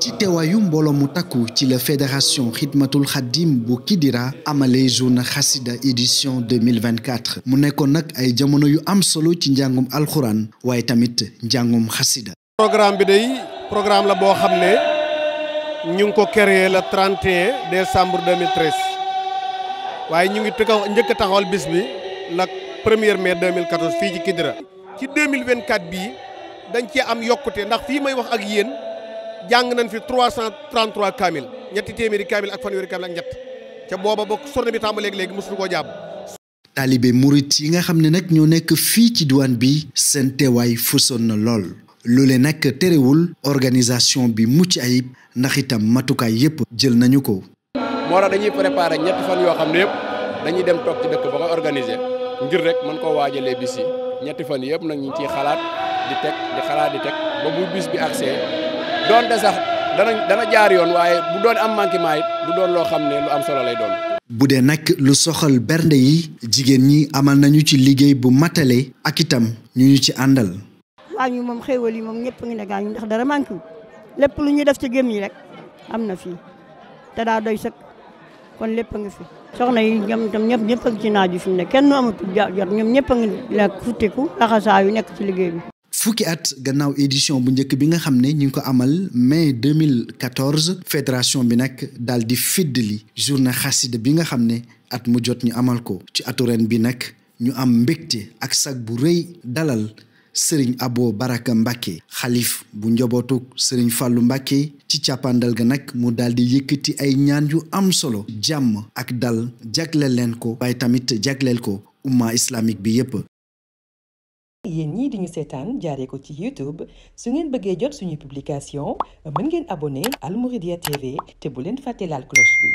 ci teewaayu mbooloo mu takku ci la fédération xidmatul xadim bu Kidira amalee journée xasida édition 2024 mu nekkoon nag ay jamono yu am solo ci njàngum alxuraan waaye tamit njàngum xasida programme bi day programme la boo xam ne ñu ngi ko créé le 31 décembre 2013 waaye ñu ngi tëkka njëkk a taxawal bis bi la 1er mai 2014 fii ci Kidira ci 2024 bii dañ ci am yokkute ndax fii may wax ak yéen jàng nañ fi 333 kaamil ñetti téeméeri kaamil ak fanweeri kaamil ak ñett ca booba ba sorne bi tàmbaleeg léegi mosuñu koo jàpp. taalibe murit yi nga xam ne nag ñoo nekk fii ci diwaan bi seen teewaay fusoon na lool loole nag terewul organisation bi mucc ayib ndax itam matukaay yépp jël nañu ko. moo tax dañuy préparer ñetti fan yoo xam ne yëpp dañuy dem toog ci dëkk ba koy organiser ngir rek mën koo waajalee bis yi ñetti fan yëpp nag ñu ci xalaat di teg di bis bi accès. doonte sax dana dana jaar yoon waaye bu doon am manquement it bu doon loo xam ne lu am solo lay doon. bu dee nag lu soxal bernde yi jigéen ñi amal nañu ci liggéey bu matale ak itam ñu ñu ci àndal. waañ wi moom xéewal yi moom ñëpp ngi ne ndax dara manqué lépp lu ñuy def ci gém yi rek am na fii te daa doy sëkk kon lépp a ngi fi. soxna yi ñoom tam ñëpp ñëpp a ngi ci naaj fi mu ne kenn amatu jot ñoom ñëpp a ngi lekk futteeku laxasaayu nekk ci liggéey bi. fukki at gannaaw édition bu njëkk bi nga xam ne ñu ngi ko amal mai 2014 fédération bi nag daal di fiddali journée xasida bi nga xam ne at mu jot ñu amal ko ci atu ren bi nag ñu am mbégte ak sag bu rëy dalal sëriñ Abo Baraka Mbacke xalif bu njobootuk sëriñ Fàllu Mbacke ci càppandal ga nag mu daal di yëkkati ay ñaan yu am solo jàmm ak dal jagleel leen ko waaye tamit jagleel ko umma islamique bi yépp yéen ñii diñu seetaan jaaree ko ci YouTube su ngeen bëggee jot suñuy publication mën ngeen abonné Al TV te bu leen fàtte laal cloche bi